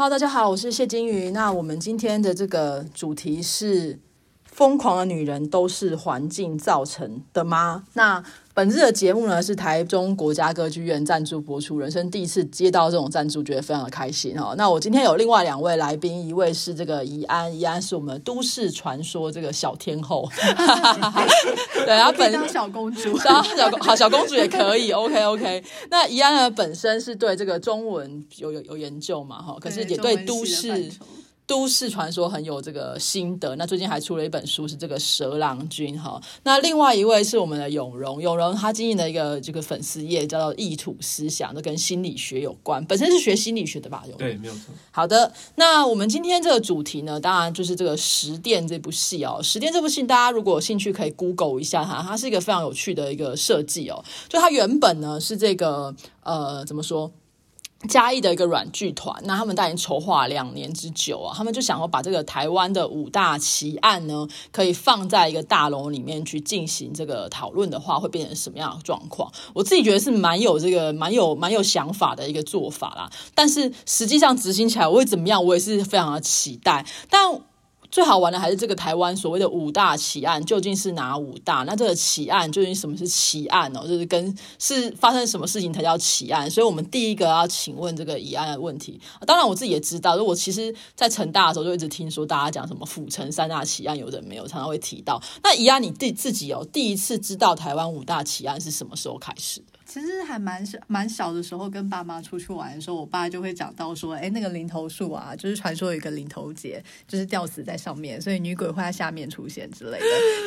哈嘍，大家好，我是謝金魚。那我們今天的這個主題是瘋狂的女人都是環境造成的嗎？那本次的節目呢，是台中國家歌劇院贊助播出，人生第一次接到這種贊助，覺得非常的開心齁。那我今天有另外兩位來賓，一位是這個宜安，宜安是我們都市傳說這個小天後， 對啊，她本小公、小公主，小公主好，小公主也可以，OK OK。那宜安呢本身是對這個中文有有有研究嘛哈，可是也對都市。都市傳說很有這個心得，那最近還出了一本書，是這個蛇郎君哈。那另外一位是我們的永融，永融他經營的一個這個粉絲頁叫做異吐司想，這跟心理學有關，本身是學心理學的吧？永融對，沒有錯。好的，那我們今天這個主題呢，當然就是這個《十殿》這部戲哦，《十殿》這部戲，大家如果有興趣可以 Google 一下哈，它是一個非常有趣的一個設計哦。就它原本呢是這個呃，怎麼說？嘉義的一個阮劇團，那他們帶你籌劃兩年之久啊，他們就想要把這個台灣的五大奇案呢，可以放在一個大樓裡面去進行這個討論的話，會變成什麼樣的狀況？我自己覺得是蠻有這個蠻有蠻有想法的一個做法啦，但是實際上執行起來會怎麼樣，我也是非常的期待。但最好玩的還是這個台灣所謂的五大奇案，究竟是哪五大？那這個奇案究竟什麼是奇案哦？就是跟是發生什麼事情才叫奇案？所以我們第一個要請問這個宜安的問題、啊。當然我自己也知道，如果其實在成大的時候就一直聽說大家講什麼府城三大奇案，有的人沒有常常會提到。那宜安你第自己哦，第一次知道台灣五大奇案是什麼時候開始的？其實還蠻小，蠻小的時候跟爸媽出去玩的時候，我爸就會講到說，哎，那個林投樹啊，就是傳說有一個林投姐，就是吊死在上面，所以女鬼會在下面出現之類的。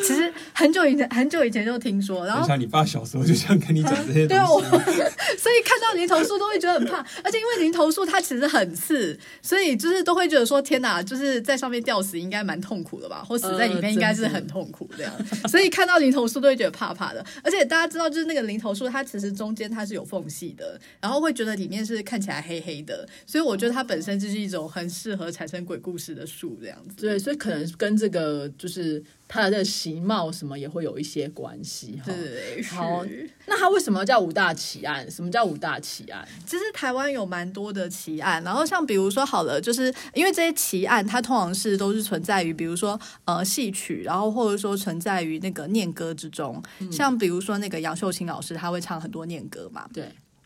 其實很久以前，很久以前就聽說。然後像你爸小時候就想跟你講這些。嗯、對哦，所以看到林投樹都會覺得很怕。而且因為林投樹它其實很刺，所以就是都會覺得說，天哪，就是在上面吊死應該蠻痛苦的吧？或死在裡面應該是很痛苦這樣，呃的。所以看到林投樹都會覺得怕怕的。而且大家知道，就是那個林投樹它其實，中間它是有縫隙的，然後會覺得裡面是看起來黑黑的，所以我覺得它本身就是一種很適合產生鬼故事的樹這樣子。對，所以可能跟這個就是。他的這個形貌什麼也會有一些關係哈。對，好是，那他為什麼叫五大奇案？什麼叫五大奇案？其實台灣有蠻多的奇案，然後像比如說好了，就是因為這些奇案，它通常是都是存在於比如說呃戲曲，然後或者說存在於那個念歌之中。嗯、像比如說那個楊秀卿老師，他會唱很多念歌嘛。對。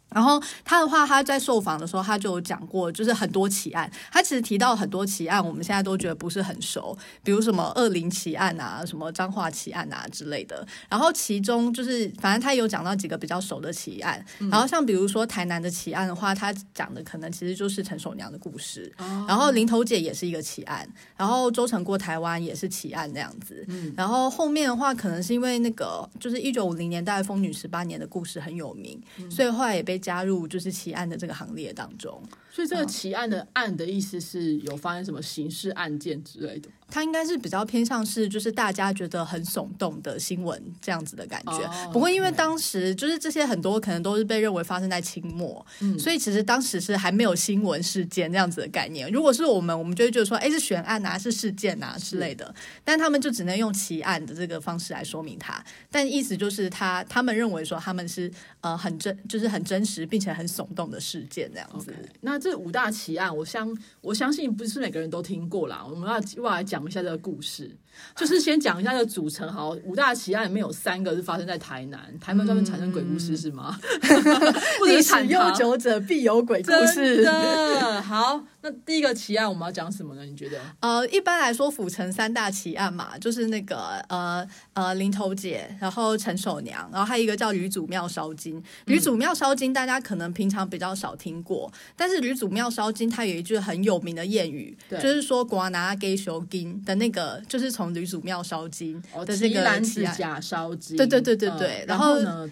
然後他的話，他在受訪的時候，他就有講過，就是很多奇案，他其實提到很多奇案，我們現在都覺得不是很熟，比如什麼二林奇案啊，什麼彰化奇案啊之類的。然後其中就是，反正他有講到幾個比較熟的奇案。然後像比如說台南的奇案的話，他講的可能其實就是陳守娘的故事。然後林投姐也是一個奇案，然後周成過台灣也是奇案這樣子。然後後面的話，可能是因為那個就是一九五零年代風女十八年的故事很有名，所以後來也被。加入就是奇案的這個行列當中，所以這個奇案的“案”的意思是有發生什麼刑事案件之類的。它應該是比較偏向是就是大家覺得很聳動的新聞這樣子的感覺。哦、不過因為當時就是這些很多可能都是被認為發生在清末、嗯，所以其實當時是還沒有新聞事件這樣子的概念。如果是我們，我們就會覺得說，哎，是懸案吶、啊，是事件吶、啊、之類的。但他們就只能用奇案的這個方式來說明它，但意思就是他他們認為說他們是呃很真，就是很真。時並且很聳動的事件這樣子，Okay. 那這五大奇案，我相我相信不是每個人都聽過啦，我們要我來講一下這個故事。就是先講一下的組成好，五大奇案裡面有三個是發生在台南，台南專門產生鬼故事是嗎？嗯嗯、 歷史悠久者必有鬼故事。真的。好，那第一個奇案我們要講什麼呢？你覺得？呃，一般來說，府城三大奇案嘛，就是那個呃呃林投姐，然後陳守娘，然後還有一個叫呂祖廟燒金。呂祖廟燒金大家可能平常比較少聽過，但是呂祖廟燒金它有一句很有名的諺語，就是說“瓜拿給熊金”的那個，就是從。女主廟燒雞的這個奇案，奇、呃、燒對對對對對。呃、然，後然後呢，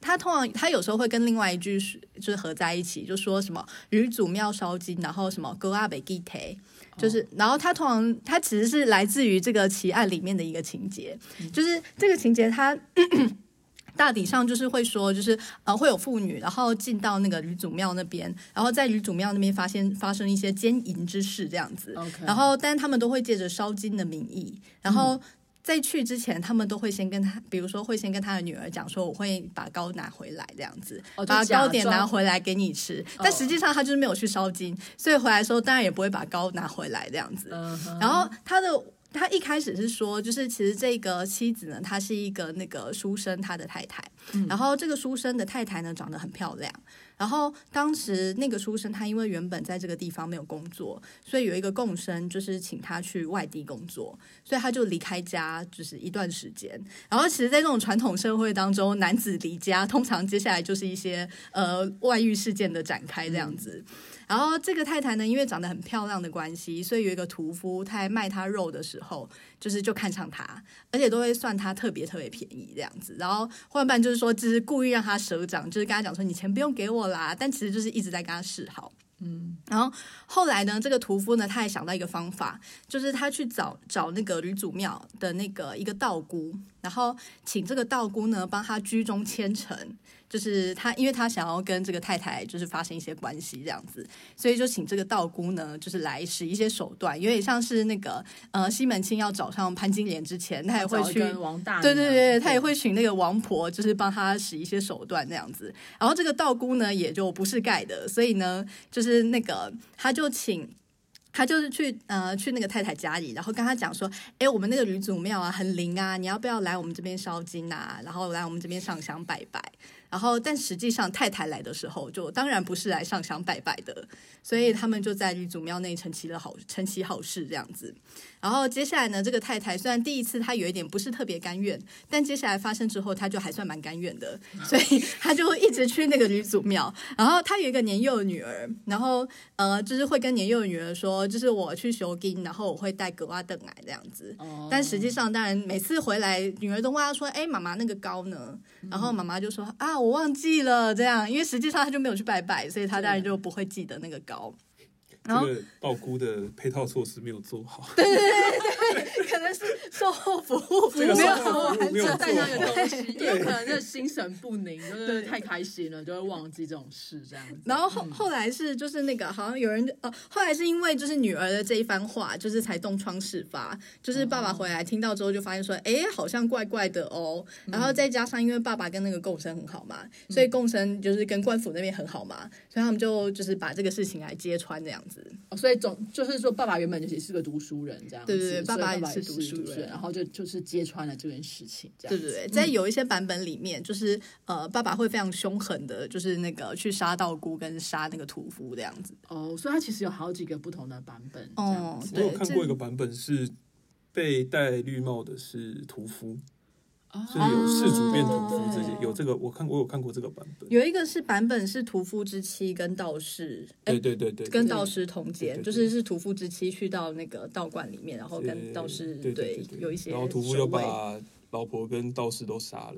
它通常他有時候會跟另外一句就是合在一起，就說什麼呂祖廟燒金，然後什麼 go up a gate，就是、哦、然後他通常他其實是來自於這個奇案裡面的一個情節，就是這個情節他。嗯 大體上就是會說，就是呃會有婦女，然後進到那個呂祖廟那邊，然後在呂祖廟那邊發現發生一些奸淫之事這樣子。Okay. 然後但他們都會借着燒金的名義，然後在去之前，他們都會先跟他，比如說會先跟他的女兒講說，我會把糕拿回來這樣子，哦、就把糕點拿回來給你吃。但實際上他就是沒有去燒金，Oh. 所以回來的時候當然也不會把糕拿回來這樣子。Uh -huh. 然後他的。他一開始是說，就是其實這個妻子呢，他是一個那個書生，他的太太，嗯，然後這個書生的太太呢，長得很漂亮。然後當時那個書生，他因為原本在這個地方沒有工作，所以有一個共生，就是請他去外地工作，所以他就離開家，就是一段時間。然後其實，在這種傳統社會當中，男子離家，通常接下來就是一些呃外遇事件的展開，這樣子。嗯然後這個太太呢，因為長得很漂亮的關係，所以有一個屠夫，他在賣他肉的時候，就是就看上他，而且都會算他特別特別便宜這樣子。然後換班就是說，就是故意讓他賒帳，就是跟他講說你錢不用給我啦，但其實就是一直在跟他示好。嗯，然後後來呢，這個屠夫呢，他也想到一個方法，就是他去找找那個呂祖廟的那個一個道姑，然後請這個道姑呢幫他居中牽成。就是他，因為他想要跟這個太太就是發生一些關係這樣子，所以就請這個道姑呢，就是來使一些手段。因為像是那個呃西門慶要找上潘金蓮之前，他也會去王大，對對對，他也會請那個王婆，就是幫他使一些手段這樣子。然後這個道姑呢，也就不是蓋的，所以呢，就是那個他就請他就是去呃去那個太太家裡，然後跟他講說，哎，我們那個呂祖廟很啊很靈啊，你要不要來我們這邊燒金啊？然後來我們這邊上香拜拜。然後，但實際上太太來的時候，就當然不是來上香拜拜的，所以他們就在呂祖廟內成其了好成其好事這樣子。然後接下來呢，這個太太雖然第一次她有一點不是特別甘願，但接下來發生之後，她就還算蠻甘願的，所以她就一直去那個呂祖廟。然後她有一個年幼的女兒，然後呃，就是會跟年幼的女兒說，就是我去修經，然後我會帶糕仔等來這樣子。但實際上，當然每次回來，女兒都問她說：“哎，媽媽那個糕呢？”然後媽媽就說：“啊。”我忘記了這樣，因為實際上他就沒有去拜拜，所以他當然就不會記得那個高，這個鮑姑的配套措施沒有做好 對對對對對對對。 真的是售後服務沒有服務，沒有帶他有東西，也有可能是心神不寧，就是太開心了，就會忘記這種事這樣。然後後、嗯、後來是就是那個好像有人呃、哦，後來是因為就是女兒的這一番話，就是才東窗事發。就是爸爸回來聽到之後，就發現說，哎、欸，好像怪怪的哦。然後再加上因為爸爸跟那個共生很好嘛，所以共生就是跟官府那邊很好嘛，所以他們就就是把這個事情來揭穿這樣子。哦，所以總就是說，爸爸原本其實是，是個讀書人這樣子。對對對，爸爸也是。是不是對對對？然後就就是揭穿了這件事情，對對對。嗯、在有一些版本裡面，就是呃，爸爸會非常凶狠的，就是那個去殺道姑跟殺那個屠夫這樣子的。哦、oh，所以他其實有好幾個不同的版本。哦、oh，對，我，我有看過一個版本是被戴綠帽的是屠夫。Oh, okay, 就、啊、有世主變屠夫這些，有這個我看過，我有看過這個版本。有一個是版本是屠夫之妻跟道士，欸、對對對對，跟道士通姦，就是是屠夫之妻去到那個道觀裡面，然後跟道士對有一些，然後屠夫就把老婆跟道士都殺了。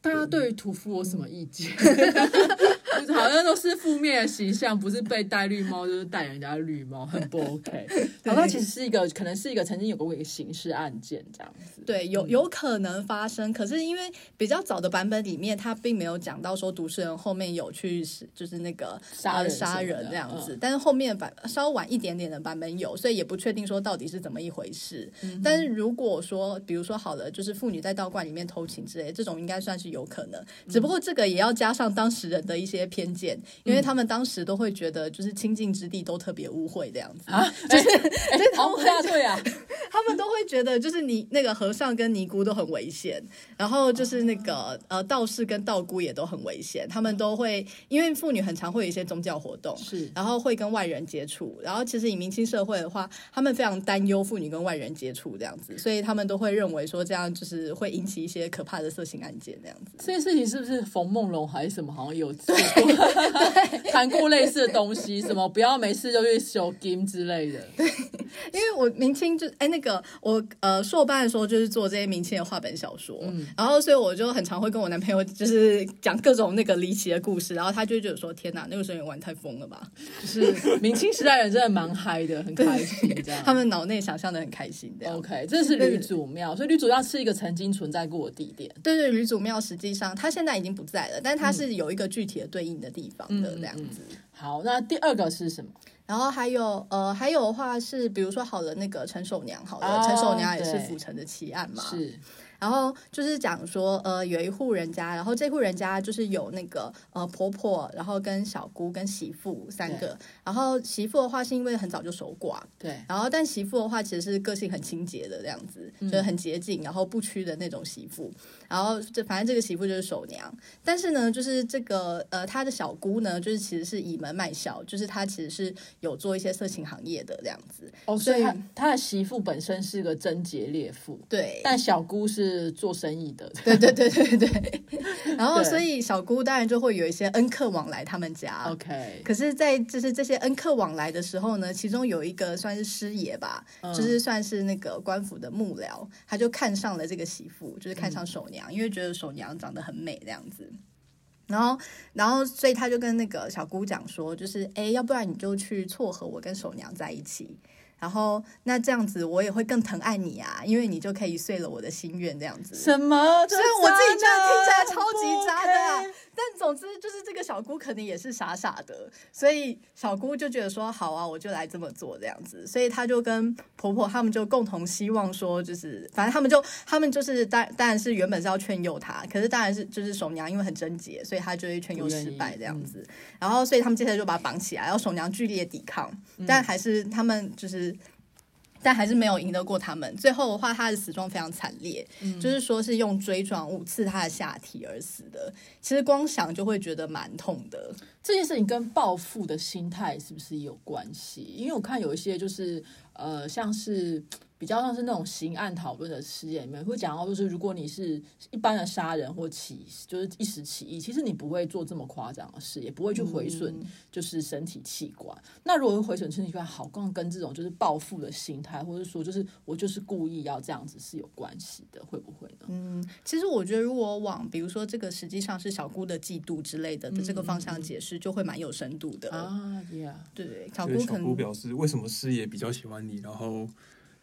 大家對於屠夫有什麼意見？嗯 就是、好像都是負面的形象，不是被戴綠帽就是戴人家綠帽，很不 OK。然後它其實是一個，可能是一個曾經有過一個刑事案件這樣子。對，有有可能發生，可是因為比較早的版本裡面，它並沒有講到說讀書人後面有去就是那個殺人殺人這樣子，嗯、但是後面版稍晚一點點的版本有，所以也不確定說到底是怎麼一回事。嗯、但是如果說，比如說好的，就是婦女在道觀裡面偷情之類，這種應該算是有可能，只不過這個也要加上當時人的一些。些偏見，因為他們當時都會覺得，就是清淨之地都特別污穢這樣子啊，就是對啊、欸欸欸，他們都會覺得，就是你那個和尚跟尼姑都很危險，然後就是那個、啊、呃道士跟道姑也都很危險，他們都會因為婦女很常會有一些宗教活動，是，然後會跟外人接觸，然後其實以明清社會的話，他們非常擔憂婦女跟外人接觸這樣子，所以他們都會認為說，這樣就是會引起一些可怕的色情案件那樣子、嗯，這件事情是不是馮夢龍還是什麼好像有？ 談 過 類似的東西， 什麼不要沒事就去修 game 之類的。對， 因為我明清就哎、欸，那個我呃，碩班的時候就是做這些明清的話本小說、嗯，然後所以我就很常會跟我男朋友就是講各種那個離奇的故事，然後他就覺得說：“天哪、啊，那個時候也玩太瘋了吧！”就是明清時代人真的蠻嗨的，很開心這樣，他們腦內想象的很開心的。OK，這是呂祖廟，所以呂祖廟是一個曾經存在過的地點。對對，呂祖廟實際上它現在已經不在了，但是它是有一個具體的對。嗯對應的地方的這樣子嗯嗯。好，那第二個是什麼？然後還有呃，還有的話是，比如說好的那個陳守娘，好的陳守、oh, 娘也是府城的奇案嘛。是，然後就是講說呃，有一戶人家，然後這戶人家就是有那個呃婆婆，然後跟小姑跟媳婦三個。然後媳婦的話是因為很早就守寡，對。然後但媳婦的話其實是個性很清潔的這樣子，嗯、就是很潔淨，然後不屈的那種媳婦。然後這反正這個媳婦就是守娘，但是呢，就是這個呃，他的小姑呢，就是其實是倚門賣笑，就是他其實是有做一些色情行業的這樣子。哦，所以他的媳婦本身是個貞潔烈婦。對。但小姑是做生意的對。對對對對對。然後所以小姑當然就會有一些恩客往來他們家。OK。可是，在就是這些恩客往來的時候呢，其中有一個算是師爺吧，就是算是那個官府的幕僚，他、嗯、就看上了這個媳婦，就是看上守娘。嗯因為覺得守娘長得很美這樣子，然後，然後，所以他就跟那個小姑講說，就是，誒，要不然你就去撮合我跟守娘在一起，然後，那這樣子我也會更疼愛你啊，因為你就可以遂了我的心願這樣子。什麼？所以我自己這樣聽起來超級渣的啊。但總之就是這個小姑肯定也是傻傻的，所以小姑就覺得說好啊，我就來這麼做這樣子，所以她就跟婆婆他們就共同希望說，就是反正他們就他們就是當當然是原本是要勸誘她，可是當然是就是守娘因為很貞潔，所以她就會勸誘失敗這樣子，嗯、然後所以他們接下來就把她綁起來，然後守娘劇烈抵抗，但還是他們就是。嗯但還是沒有贏得過他們。最後的話，他的死狀非常慘烈，嗯，就是說是用錐狀物刺他的下體而死的。其實光想就會覺得蠻痛的。這件事情跟報復的心態是不是有關係？因為我看有一些就是呃，像是。比較像是那種刑案討論的師爺裡面會講到，就是如果你是一般的殺人或起，就是一時起意，其實你不會做這麼誇張的事，也不會去毀損就是身體器官。嗯、那如果毀損身體器官，好，更跟這種就是報復的心態，或者說就是我就是故意要這樣子是有關係的，會不會呢？嗯，其實我覺得如果往比如說這個實際上是小姑的嫉妒之類的，的、嗯、這個方向解釋，就會蠻有深度的啊。對、yeah，對，小姑可能姑表示為什麼師爺比較喜歡你，然後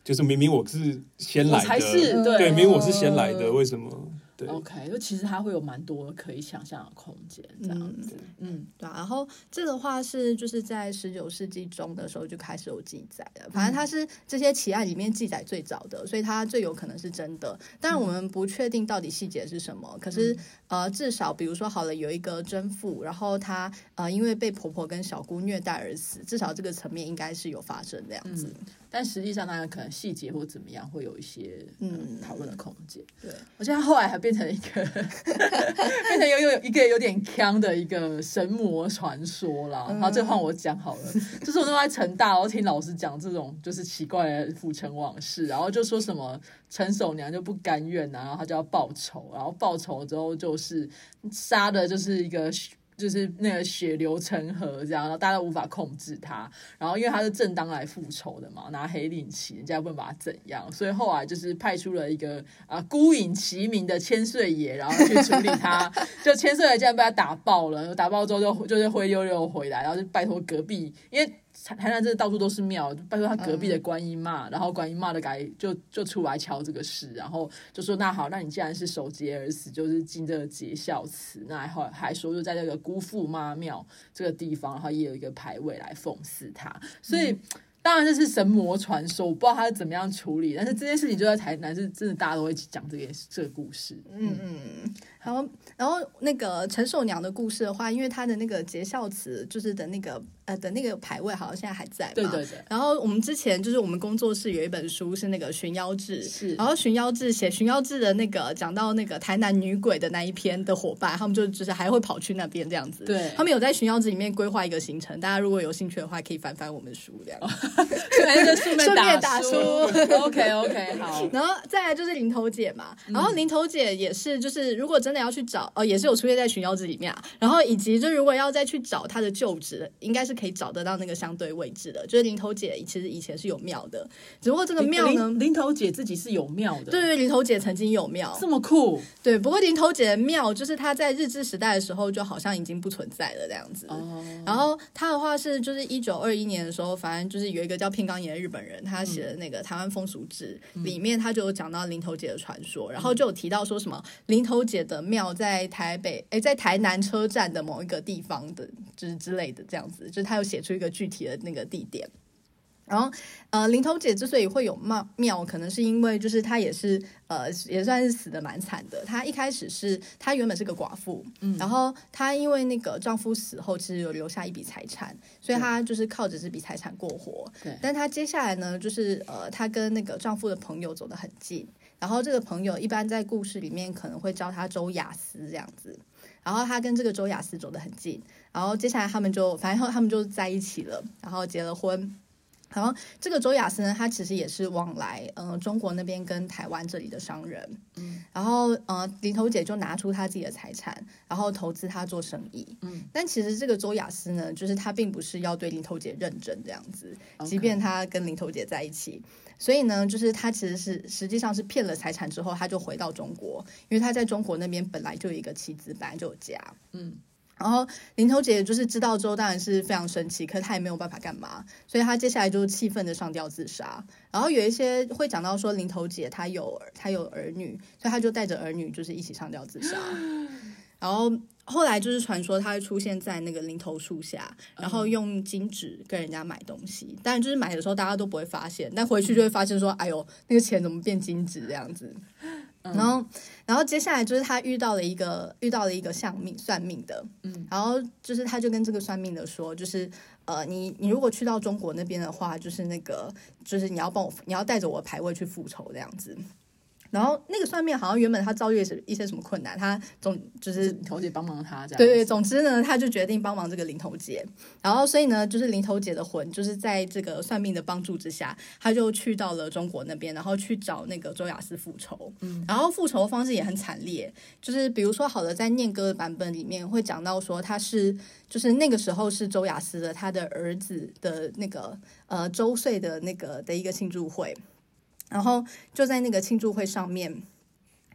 就是明明我是先來的，是對對，明明我是先來的、嗯，為什麼？對。OK，就其實它會有蠻多的可以想象的空間這樣子。嗯，嗯對、啊。然後這個話是就是在十九世紀中的時候就開始有記載的，反正它是這些奇案裡面記載最早的、嗯，所以它最有可能是真的。但是我們不確定到底細節是什麼，可是、嗯、呃，至少比如說好了，有一個貞婦，然後他呃因為被婆婆跟小姑虐待而死，至少這個層面應該是有發生這樣子。嗯但實際上，大家可能細節或怎麼樣，會有一些嗯討論的空間。對，我記得後來還變成一個 變成又有一個有點腔的一個神魔傳說啦、嗯、然後這換我講好了， 就是我那時候在成大，然後聽老師講這種就是奇怪的府城往事，然後就說什麼陳守娘就不甘願啊，然後他就要報仇，然後報仇之後就是殺的，就是一個。就是那個血流成河這樣，然後大家都無法控制他，然後因為他是正當來復仇的嘛，拿黑令旗人家問把他怎樣，所以後來就是派出了一個啊、呃、孤影齊名的千歲爺，然後去處理他，就千歲爺竟然被他打爆了，打爆之後就就是灰溜溜回來，然後就拜託隔壁，因為。台南真的到處都是廟，拜託他隔壁的觀音媽，然後觀音媽的改就就出來敲這個事，然後就說，那好，那你既然是守節而死，就是進這個節孝祠，那好，還說就在這個姑父媽廟這個地方，然後也有一個牌位來奉祀他，所以、嗯、當然這是神魔傳說，我不知道他是怎麼樣處理，但是這件事情就在台南是真的，大家都會講這個這個故事，嗯嗯。然後，然後那個陳守娘的故事的話，因為她的那個節孝祠，就是的那個呃的那個牌位，好像現在還在嘛。對對對。然後我們之前就是我們工作室有一本書是那個《尋妖志》，是。然後《尋妖志》寫《尋妖志》的那個講到那個台南女鬼的那一篇的伙伴，他們就就是還會跑去那邊這樣子。對。他們有在《尋妖志》裡面規劃一個行程，大家如果有興趣的話，可以翻翻我們的書，這樣。 順便打書。 OK OK 好。然後再來就是林投姐嘛，然後林投姐也是就是如果真。要去找哦、呃，也是有出現在尋妖志裡面啊。然後以及就如果要再去找他的舊址，應該是可以找得到那個相對位置的。就是林投姐其實以前是有廟的，只不過這個廟呢，林、欸、投姐自己是有廟的。對對，林投姐曾經有廟，這麼酷。對，不過林投姐的廟就是她在日治時代的時候就好像已經不存在了這樣子。哦、然後他的話是就是一九二一年的時候，反正就是有一個叫片岡岩的日本人，他寫的那個台灣風俗志、嗯、裡面，他就有講到林投姐的傳說、嗯，然後就有提到說什麼林投姐的。廟在台北，誒，在台南車站的某一個地方的之、就是、之類的這樣子，就是他有寫出一個具體的那個地點。然後，呃，林投姐之所以會有廟，廟可能是因為就是她也是呃，也算是死得蠻慘的。她一開始是她原本是個寡婦，嗯，然後她因為那個丈夫死後，其實有留下一筆財產，所以她就是靠着這筆財產過活。嗯、對、但她接下來呢，就是呃，她跟那個丈夫的朋友走得很近。然後這個朋友一般在故事裡面可能會叫他周雅思這樣子，然後他跟這個周雅思走得很近，然後接下來他們就反正他們就在一起了，然後結了婚。然後這個周亞思呢，他其實也是往來呃中國那邊跟台灣這裡的商人，嗯，然後呃林投姐就拿出他自己的財產，然後投資他做生意，嗯，但其實這個周亞思呢，就是他並不是要對林投姐認真這樣子，okay、即便他跟林投姐在一起，所以呢，就是他其實是實際上是騙了財產之後，他就回到中國，因為他在中國那邊本來就有一個妻子，本來就有家，嗯。然後林投姐就是知道之後，當然是非常生氣，可是她也沒有辦法幹嘛，所以她接下來就是氣憤的上吊自殺。然後有一些會講到說林投姐她有她有兒女，所以她就帶着兒女就是一起上吊自殺。然後後來就是傳說她會出現在那個林投樹下，然後用金紙跟人家買東西，當然就是買的時候大家都不會發現，但回去就會發現說，哎呦，那個錢怎麼變金紙這樣子。然後，然後接下來就是他遇到了一個遇到了一個相命算命的。嗯，然後就是他就跟這個算命的說，就是呃，你你如果去到中國那邊的話，就是那個就是你要幫我，你要帶着我的牌位去復仇這樣子。然後那個算命好像原本他遭遇，一些什麼困難，他總就是林投姐幫忙他這樣。對，總之呢，他就決定幫忙這個林投姐。然後所以呢，就是林投姐的魂，就是在這個算命的幫助之下，他就去到了中國那邊，然後去找那個周亞思復仇。然後復仇方式也很慘烈，就是比如說，好的，在念歌的版本裡面會講到說，他是就是那個時候是周亞思的他的兒子的那個呃週歲的那個的一個慶祝會。然後就在那個慶祝會上面，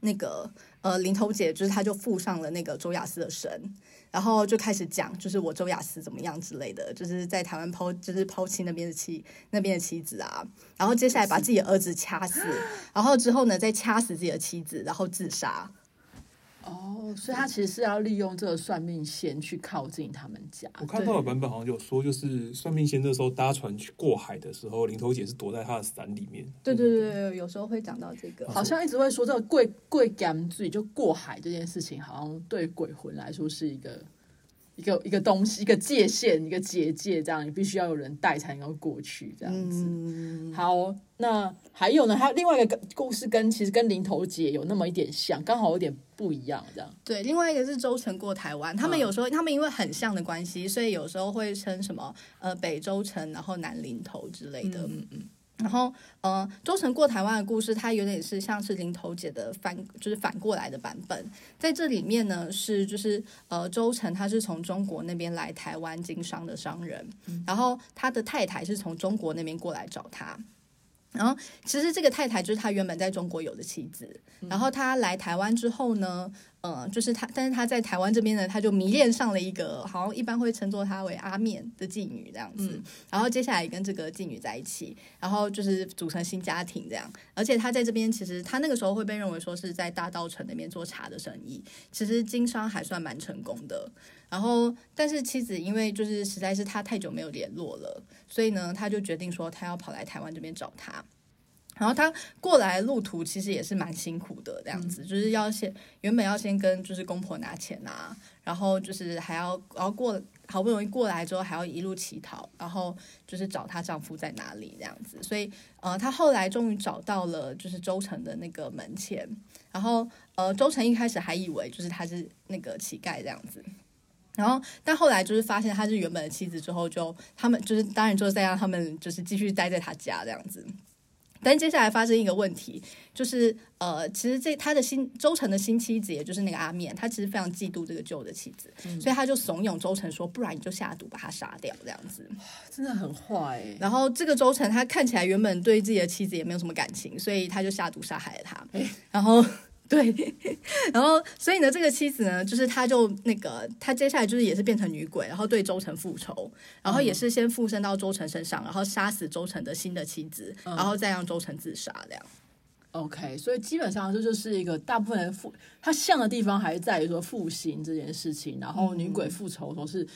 那個呃林投姐就是她就附上了那個周亞思的身，然後就開始講就是我周亞思怎麼樣之類的，就是在台灣拋就是拋棄那邊的妻那邊的妻子啊，然後接下來把自己的兒子掐死，然後之後呢，再掐死自己的妻子，然後自殺。哦，所以他其實是要利用這個算命仙去靠近他們家。我看到我的版本好像就有說，就是算命仙那時候搭船去過海的時候，林投姐是躲在他的傘裡面。對對對，對，有時候會講到這個、嗯。好像一直會說這個“鬼鬼干 a 自己就過海這件事情，好像對鬼魂來說是一個。一個一個東西，一個界限，一個結界，這樣你必須要有人帶才能夠過去，這樣子、嗯。好，那還有呢？還有另外一個故事跟，跟其實跟林投姐有那麼一點像，剛好有點不一樣，這樣。對，另外一個是周成過台灣，他們有時候、嗯、他們因為很像的關係，所以有時候會稱什麼呃北周成，然後南林投之類的。嗯嗯。然後，呃，周成過台灣的故事，它有點是像是林投姐的反，就是反過來的版本。在這裡面呢，是就是呃，周成他是從中國那邊來台灣經商的商人，嗯、然後他的太太是從中國那邊過來找他。然後，其實這個太太就是他原本在中國有的妻子。然後他來台灣之後呢，嗯、呃，就是他，但是他在台灣這邊呢，他就迷戀上了一個，好像一般會稱作他為阿面的妓女這樣子，嗯。然後接下來跟這個妓女在一起，然後就是組成新家庭這樣。而且他在這邊，其實他那個時候會被認為說是在大稻埕那邊做茶的生意，其實經商還算蠻成功的。然後，但是妻子因為就是實在是她太久沒有聯絡了，所以呢，她就決定說她要跑來台灣這邊找他。然後她過來路途其實也是蠻辛苦的，這樣子就是要先原本要先跟就是公婆拿錢啊，然後就是還要然後過好不容易過來之後還要一路乞討，然後就是找她丈夫在哪裡這樣子。所以呃，她後來終於找到了就是周成的那個門前，然後呃，周成一開始還以為就是她是那個乞丐這樣子。然後，但後來就是發現他是原本的妻子之後，就他們就是當然就是在讓他們就是繼續待在他家這樣子。但接下來發生一個問題，就是呃，其實這他的新周成的新妻子也就是那個阿面，他其實非常嫉妒這個舊的妻子，所以他就慫恿周成說：“不然你就下毒把他殺掉。”這樣子真的很壞。然後這個周成他看起來原本對自己的妻子也沒有什麼感情，所以他就下毒殺害了他。然後。對，然後所以呢，這個妻子呢，就是她就那個，她接下來就是也是變成女鬼，然後對周成復仇，然後也是先附身到周成身上，然後殺死周成的新的妻子，然後再讓周成自殺這樣。OK，所以基本上這就是一個大部分人復，他像的地方還是在於說復興這件事情，然後女鬼復仇都是。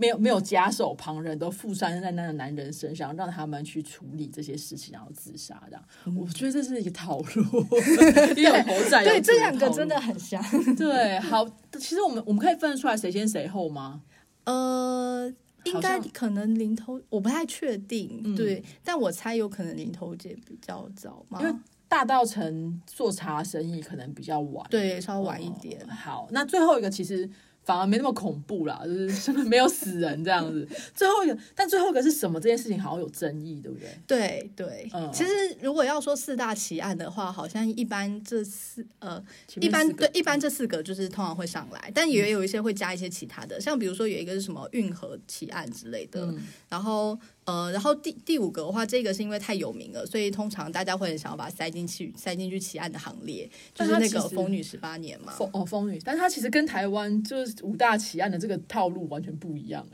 沒有沒有，假手旁人，都附身在那個男人身上，讓他們去處理這些事情，然後自殺這樣。嗯、我覺得這是一個套路， 對這兩個真的很像。 對，好，其實我們我們可以分得出來誰先誰後嗎？呃，應該可能林投，我不太確定。對，嗯、但我猜有可能林投姐比較早嘛，因為大稻埕做茶生意可能比較晚，對，稍晚一點。哦、好，那最後一個其實。反而沒那麼恐怖啦，就是沒有死人這樣子。 最後一個，但最後一個是什麼？這件事情好像有爭議，對不對？對對，嗯，其實如果要說四大奇案的話，好像一般這四呃，一般對一般這四個就是通常會上來，但也有一些會加一些其他的，像比如說有一個是什麼運河奇案之類的，然後。呃，然後第第五個的話，這個是因為太有名了，所以通常大家會很想要把它塞進去，塞進去奇案的行列，就是那個瘋《瘋女十八年》嘛。瘋哦，瘋女，但是它其實跟台灣就是五大奇案的這個套路完全不一樣誒。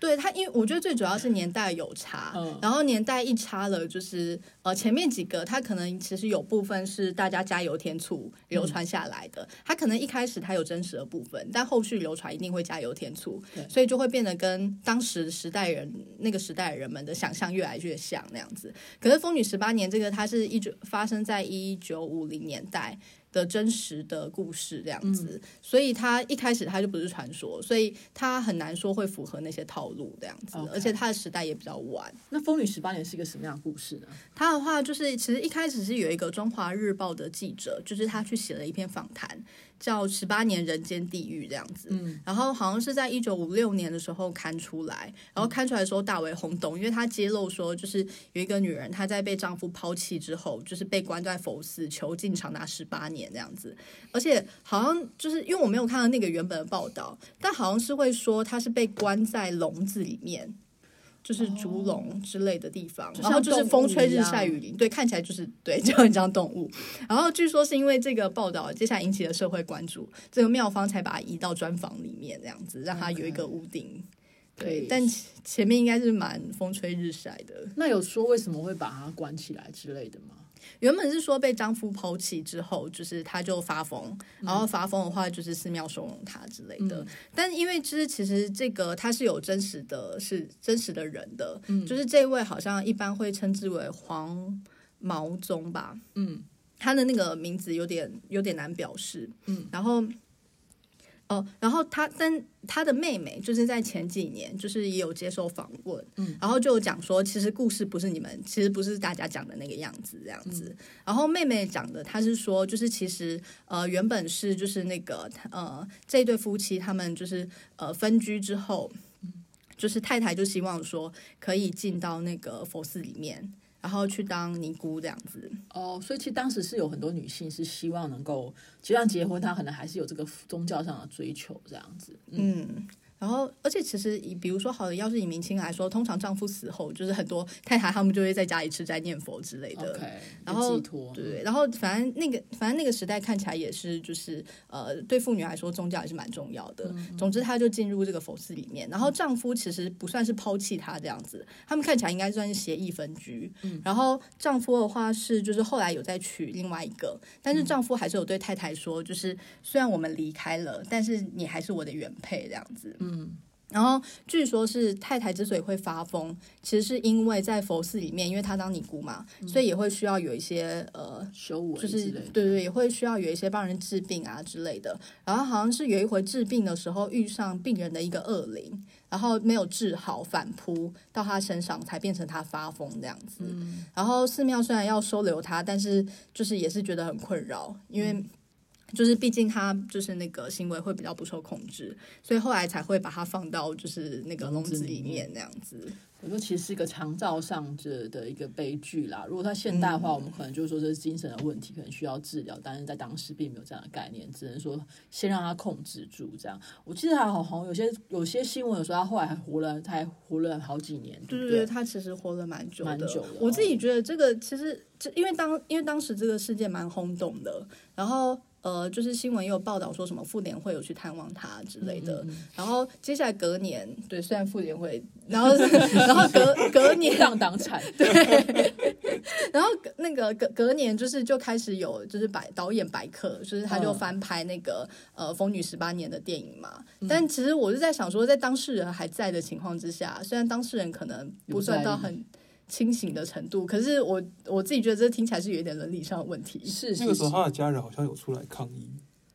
對他，它因為我覺得最主要是年代有差，嗯嗯、然後年代一差了，就是呃前面幾個他可能其實有部分是大家加油添醋流傳下來的，他、嗯、可能一開始他有真實的部分，但後續流傳一定會加油添醋，嗯、所以就會變得跟當時時代人那個時代人們的想象越來越像那樣子。可是《風女十八年》這個，它是一九發生在一九五零年代，的真實的故事這樣子，嗯，所以他一開始他就不是傳說，所以他很難說會符合那些套路這樣子。okay, 而且他的時代也比較晚。那《瘋狂十八年》是一個什麼樣的故事呢？他的話就是，其實一開始是有一個《中華日報》的記者，就是他去寫了一篇訪談。叫十八年人間地獄這樣子，嗯，然後好像是在一九五六年的時候刊出來，然後刊出來的時候大為轟動，因為他揭露說，就是有一個女人她在被丈夫拋棄之後，就是被關在佛寺囚禁長達十八年這樣子，而且好像就是因為我沒有看到那個原本的報道，但好像是會說她是被關在籠子裡面。就是竹籠之類的地方，oh, 然後就是風吹日曬雨淋，對，看起來就是對，就很像動物。 然後據說是因為這個報道，接下來引起了社會關注，這個廟方才把它移到磚房裡面，這樣子讓它有一個屋頂，okay. 對，但前面應該是蠻風吹日曬的。那有說為什麼會把它關起來之類的嗎？原本是說被丈夫拋棄之後，就是他就發瘋、嗯，然後發瘋的話就是寺廟收容他之類的。嗯、但因為就是其實這個他是有真實的，是真實的人的、嗯，就是這位好像一般會稱之為黃毛宗吧，嗯，他的那個名字有點有點難表示，嗯，然後。哦，然後他跟他的妹妹就是在前幾年，就是也有接受訪問，嗯，然後就講說，其實故事不是你們，其實不是大家講的那個樣子這樣子。然後妹妹講的，她是說，就是其實呃原本是就是那個呃這對夫妻他們就是呃分居之後，就是太太就希望說可以進到那個佛寺裡面。然後去當尼姑這樣子哦，所以其實當時是有很多女性是希望能夠，就像結婚，她可能還是有這個宗教上的追求這樣子，嗯。嗯然後，而且其實以比如說好的，要是以明清來說，通常丈夫死後就是很多太太她們就會在家裡吃齋念佛之類的。Okay, 然後，對對，然後反正那個反正那個時代看起來也是就是呃，對婦女來說宗教也是蠻重要的。嗯、總之，她就進入這個佛寺裡面。然後，丈夫其實不算是拋棄她這樣子，他們看起來應該算是協議分居、嗯。然後，丈夫的話是就是後來有再娶另外一個，但是丈夫還是有對太太說，就是、嗯、雖然我們離開了，但是你還是我的原配這樣子。嗯，然後據說是太太之所以會發瘋，其實是因為在佛寺裡面，因為她當尼姑嘛、嗯，所以也會需要有一些呃修為，就是對對，也會需要有一些幫人治病啊之類的。然後好像是有一回治病的時候遇上病人的一個惡靈，然後沒有治好，反撲到他身上，才變成他發瘋這樣子、嗯。然後寺廟雖然要收留他，但是就是也是覺得很困擾，因為、嗯。就是畢竟他就是那個行為會比較不受控制，所以後來才會把他放到就是那個籠子裡面那樣子。嗯、我覺得其實是一個腸造上者的一個悲劇啦。如果他現代的話、嗯，我們可能就是說這是精神的問題，可能需要治療。但是在當時並沒有這樣的概念，只能說先讓他控制住這樣。我記得還好紅，有些有些新聞有說他後來還活了，還活了好幾年。對對對，他其實活了蠻久蠻久了。我自己覺得這個其實，就因為當因為當時這個事件蠻轟動的，然後。呃，就是新聞也有報道說什麼婦聯會有去探望他之類的，嗯嗯嗯，然後接下來隔年，對，雖然婦聯會，然後然後隔隔年上黨 產，對，然後那個隔隔年就是就開始有就是白導演白克，就是他就翻拍那個、嗯、呃《風女十八年》的電影嘛，但其實我是在想說，在當事人還在的情況之下，雖然當事人可能不算到很。清醒的程度，可是我我自己覺得這聽起來是有一點倫理上的問題是。是，那個時候他的家人好像有出來抗議。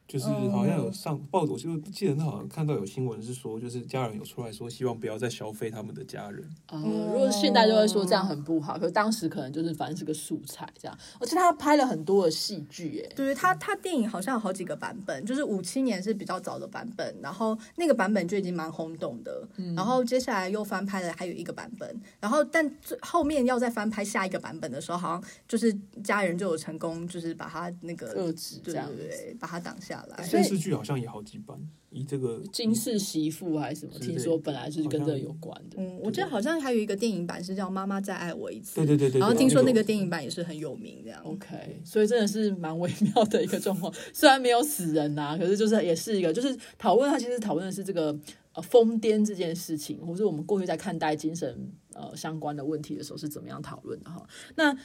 就是好像有上報道，就、um, 記得他好像看到有新聞是說，就是家人有出來說希望不要再消費他們的家人。嗯、uh,，如果現代就會說這樣很不好，可是當時可能就是反正是個素材這樣。而且他拍了很多的戲劇，耶。對，他他電影好像有好幾個版本，就是五七年是比較早的版本，然後那個版本就已經蠻轟動的，嗯，然後接下來又翻拍了還有一個版本，然後但最後面要再翻拍下一個版本的時候，好像就是家人就有成功，就是把他那個遏制，這樣對,對,對，把他擋下。電視劇好像也好幾版，以這個《金氏媳婦》還是什麼，聽說本來是跟這個有關的對對對對對對。我覺得好像還有一個電影版是叫《媽媽再愛我一次》，對對對對。然後聽說那個電影版也是很有名，這樣。OK，所以真的是蠻微妙的一個狀況。雖然沒有死人啊，可是就是也是一個，就是討論它其實討論的是這個呃瘋癲這件事情，或者我們過去在看待精神、呃、相關的問題的時候是怎麼樣討論的哈。那。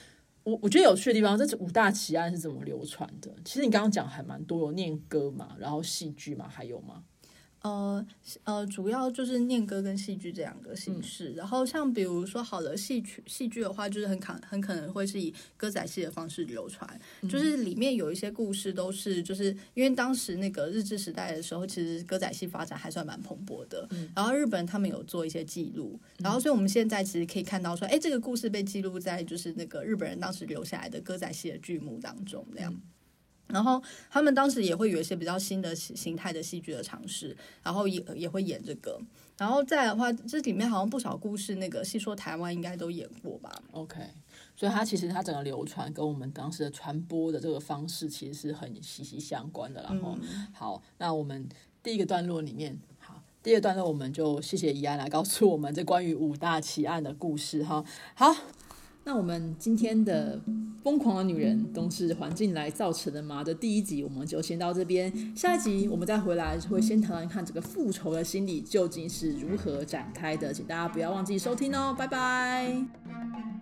我我覺得有趣的地方，這五大奇案是怎麼流傳的？其實你剛剛講還蠻多，有念歌嘛，然後戲劇嘛，還有嗎？呃呃，主要就是念歌跟戲劇這兩個形式、嗯。然後像比如說，好，好的戲曲，戲劇的話，就是很可很可能會是以歌仔戲的方式流傳、嗯，就是裡面有一些故事，都是就是因為當時那個日治時代的時候，其實歌仔戲發展還算蠻蓬勃的。嗯、然後日本人他們有做一些記錄、嗯，然後所以我們現在其實可以看到說，說，哎，這個故事被記錄在就是那個日本人當時留下來的歌仔戲的劇目當中，那樣。嗯然後他們當時也會有一些比較新的形態的戲劇的嘗試，然後也也會演這個。然後再的話，這裡面好像不少故事，那個戲說台灣應該都演過吧？OK，所以它其實它整個流傳跟我們當時的傳播的這個方式其實是很息息相關的。的然後、嗯、好，那我們第一個段落裡面，好，第二段落我們就謝謝宜安來告訴我們這關於五大奇案的故事。哈，好，那我們今天的。瘋狂的女人都是環境來造成的嘛。的第一集我們就先到這邊，下一集我們再回來，會先談談看這個復仇的心理究竟是如何展開的，請大家不要忘記收聽哦，拜拜。